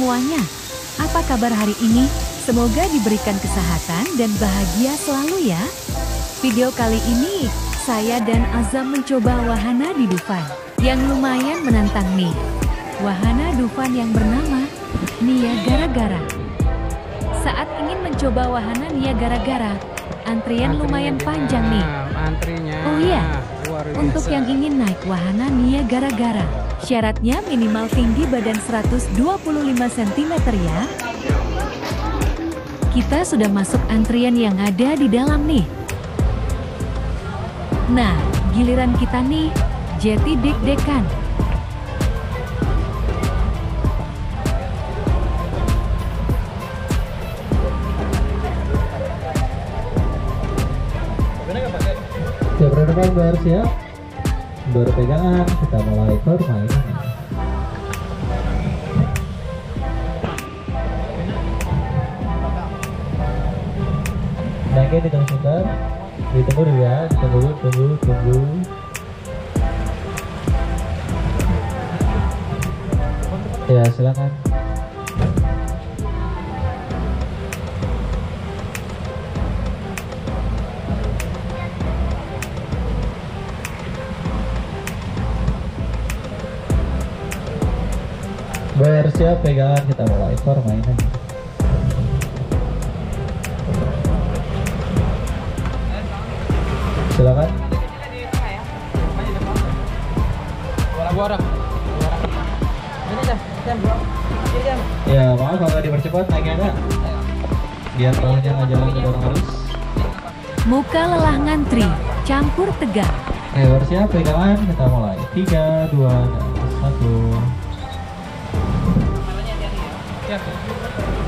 semuanya. Apa kabar hari ini? Semoga diberikan kesehatan dan bahagia selalu ya. Video kali ini, saya dan Azam mencoba wahana di Dufan, yang lumayan menantang nih. Wahana Dufan yang bernama Nia Gara-Gara. Saat ingin mencoba wahana Nia Gara-Gara, antrian, lumayan panjang nih. Antrinya. Oh iya, untuk yang ingin naik wahana Nia Gara-Gara, Syaratnya minimal tinggi badan 125 cm ya. Kita sudah masuk antrian yang ada di dalam nih. Nah, giliran kita nih, jeti deg-degan. Ya, berada ya berpegangan pegangan kita mulai permainan naiknya di sebentar ditunggu dulu ya tunggu tunggu tunggu ya silakan bersiap pegangan kita mulai permainan. mainan silakan borak Ya maaf kalau dipercepat naiknya Biar bawahnya nggak jalan ke dorong terus Muka lelah ngantri, campur tegang Ayo siap pegangan, kita mulai Tiga, dua, satu. Ya. Iya, iya.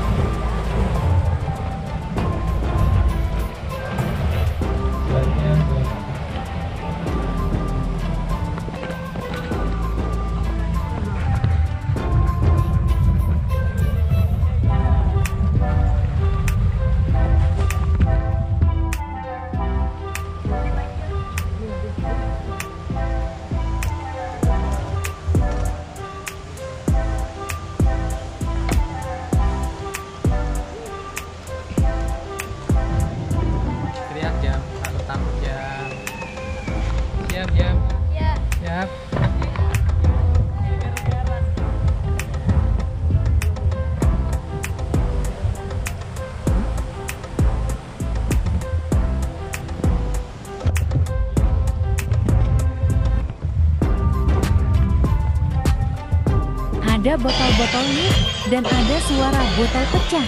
ada botol-botol nih dan ada suara botol pecah.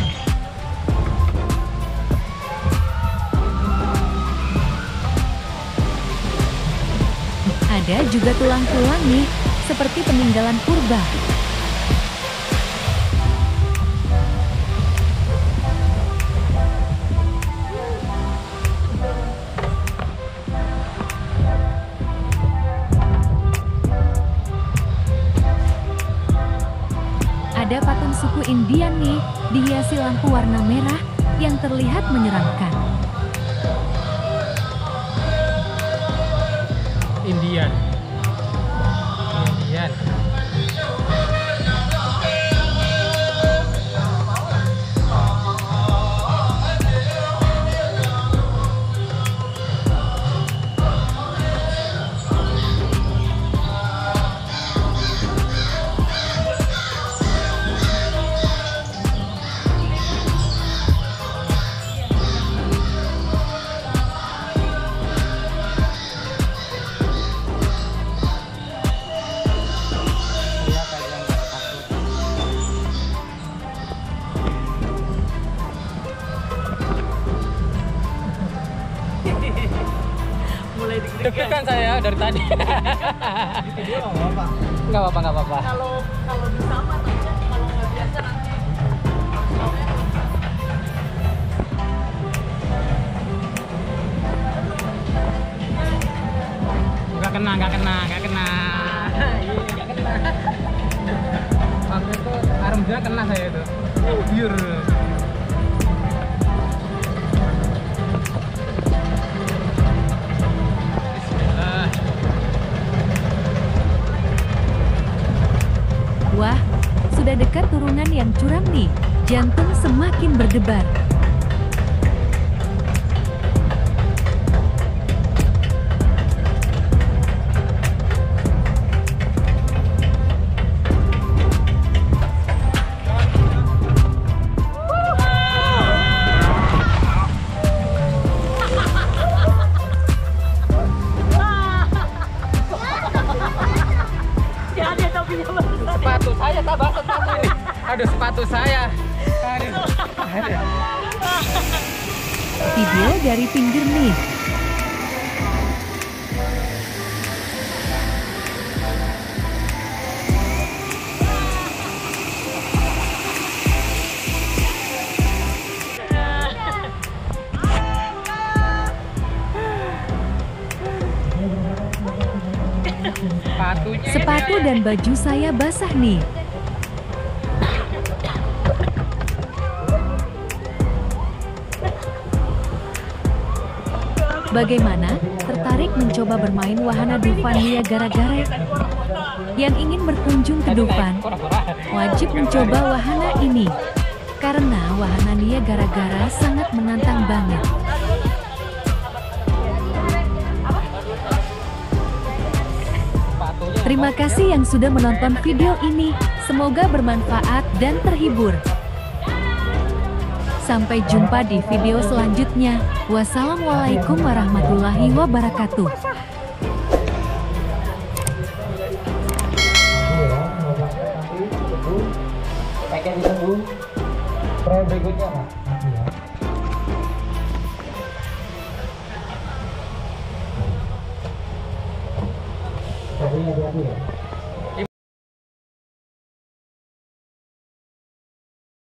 Ada juga tulang-tulang nih, seperti peninggalan purba. Indian nih, dihiasi lampu warna merah yang terlihat menyeramkan. Indian saya dari tadi. Enggak apa-apa. Enggak apa-apa, nggak Kalau kalau bisa mah ya, kalau enggak biasa nanti. Enggak kena, enggak kena, enggak kena. Enggak kena. Iya. Waktu itu armnya kena saya itu. Biur. dekat turunan yang curam nih, jantung semakin berdebar. saya tambah sepatu ini. Aduh sepatu saya. Aduh. Video dari pinggir nih. Sepatu dan baju saya basah nih. Bagaimana? Tertarik mencoba bermain wahana Dufan niagara gara Yang ingin berkunjung ke Dufan, wajib mencoba wahana ini. Karena wahana Niagara-Gara sangat menantang banget. Terima kasih yang sudah menonton video ini, semoga bermanfaat dan terhibur. Sampai jumpa di video selanjutnya. Wassalamualaikum warahmatullahi wabarakatuh. Pakai Pro berikutnya, Pak. 不要不要不要